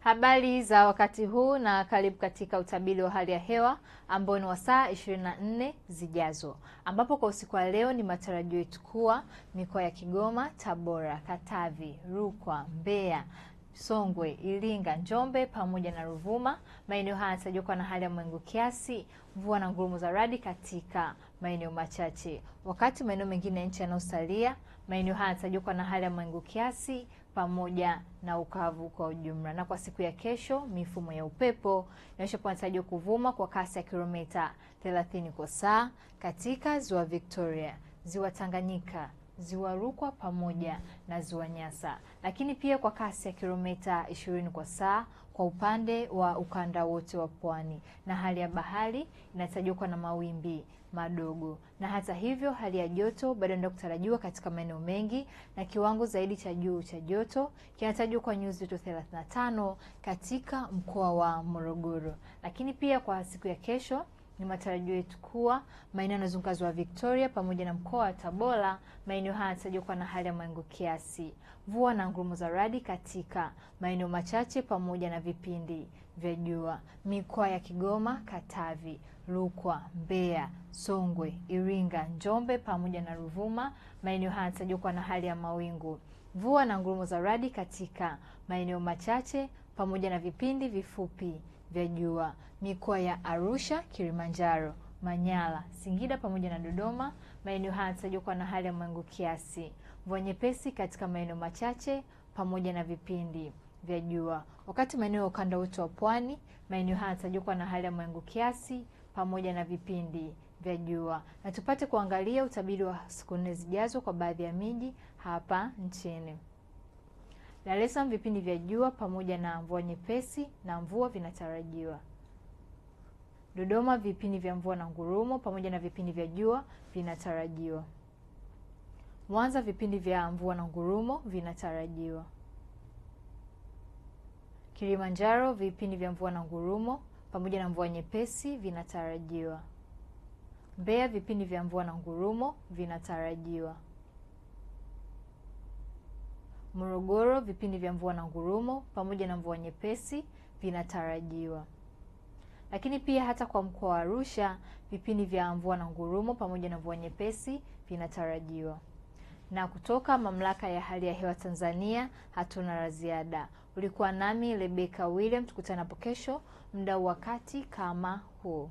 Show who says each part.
Speaker 1: Habari za wakati huu na karibu katika utabiri wa hali ya hewa ambao ni wa saa 24 zijazo, ambapo kwa usiku wa leo ni matarajio yetu kuwa mikoa ya Kigoma, Tabora, Katavi, Rukwa, Mbeya Songwe, Iringa, Njombe pamoja na Ruvuma. Maeneo haya yanatajwa kuwa na hali ya mawingu kiasi, mvua na ngurumo za radi katika maeneo machache, wakati maeneo mengine ya nchi yanayosalia, maeneo haya yanatajwa kuwa na hali ya mawingu kiasi pamoja na ukavu kwa ujumla. Na kwa siku ya kesho, mifumo ya upepo inaonyesha kuwa inatarajiwa kuvuma kwa kasi ya kilomita 30 kwa saa katika ziwa Victoria, ziwa Tanganyika ziwa Rukwa pamoja na ziwa Nyasa, lakini pia kwa kasi ya kilomita 20 kwa saa kwa upande wa ukanda wote wa pwani, na hali ya bahari inatajwa kuwa na mawimbi madogo. Na hata hivyo, hali ya joto bado ndio kutarajiwa katika maeneo mengi, na kiwango zaidi cha juu cha joto kinatajwa kwa nyuzi joto 35 katika mkoa wa Morogoro. Lakini pia kwa siku ya kesho ni matarajio yetu kuwa maeneo yanayozunguka wa Victoria pamoja na mkoa wa Tabora, maeneo haya yanatarajiwa kuwa na hali ya mawingu kiasi, mvua na ngurumo za radi katika maeneo machache pamoja na vipindi vya jua. Mikoa ya Kigoma, Katavi, Rukwa, Mbeya, Songwe, Iringa, Njombe pamoja na Ruvuma, maeneo haya yanatarajiwa kuwa na hali ya mawingu, mvua na ngurumo za radi katika maeneo machache pamoja na vipindi vifupi vya jua. Mikoa ya Arusha, Kilimanjaro, Manyara, Singida pamoja na Dodoma, maeneo haya yanatajwa kuwa na hali ya mawingu kiasi, mvua nyepesi katika maeneo machache pamoja na vipindi vya jua. Wakati maeneo ya ukanda wote wa pwani, maeneo haya yanatajwa kuwa na hali ya mawingu kiasi pamoja na vipindi vya jua. Na tupate kuangalia utabiri wa siku nne zijazo kwa baadhi ya miji hapa nchini. Dar es Salaam vipindi vya jua pamoja na mvua nyepesi na mvua vinatarajiwa. Dodoma vipindi vya mvua na ngurumo pamoja na vipindi vya jua vinatarajiwa. Mwanza vipindi vya mvua na ngurumo vinatarajiwa. Kilimanjaro vipindi vya mvua na ngurumo pamoja na mvua nyepesi vinatarajiwa. Mbeya vipindi vya mvua na ngurumo vinatarajiwa. Morogoro, vipindi vya mvua na ngurumo pamoja na mvua nyepesi vinatarajiwa. Lakini pia hata kwa mkoa wa Arusha, vipindi vya mvua na ngurumo pamoja na mvua nyepesi vinatarajiwa. Na kutoka Mamlaka ya Hali ya Hewa Tanzania hatuna la ziada. Ulikuwa nami Rebecca William, tukutanapo kesho muda wakati kama huu.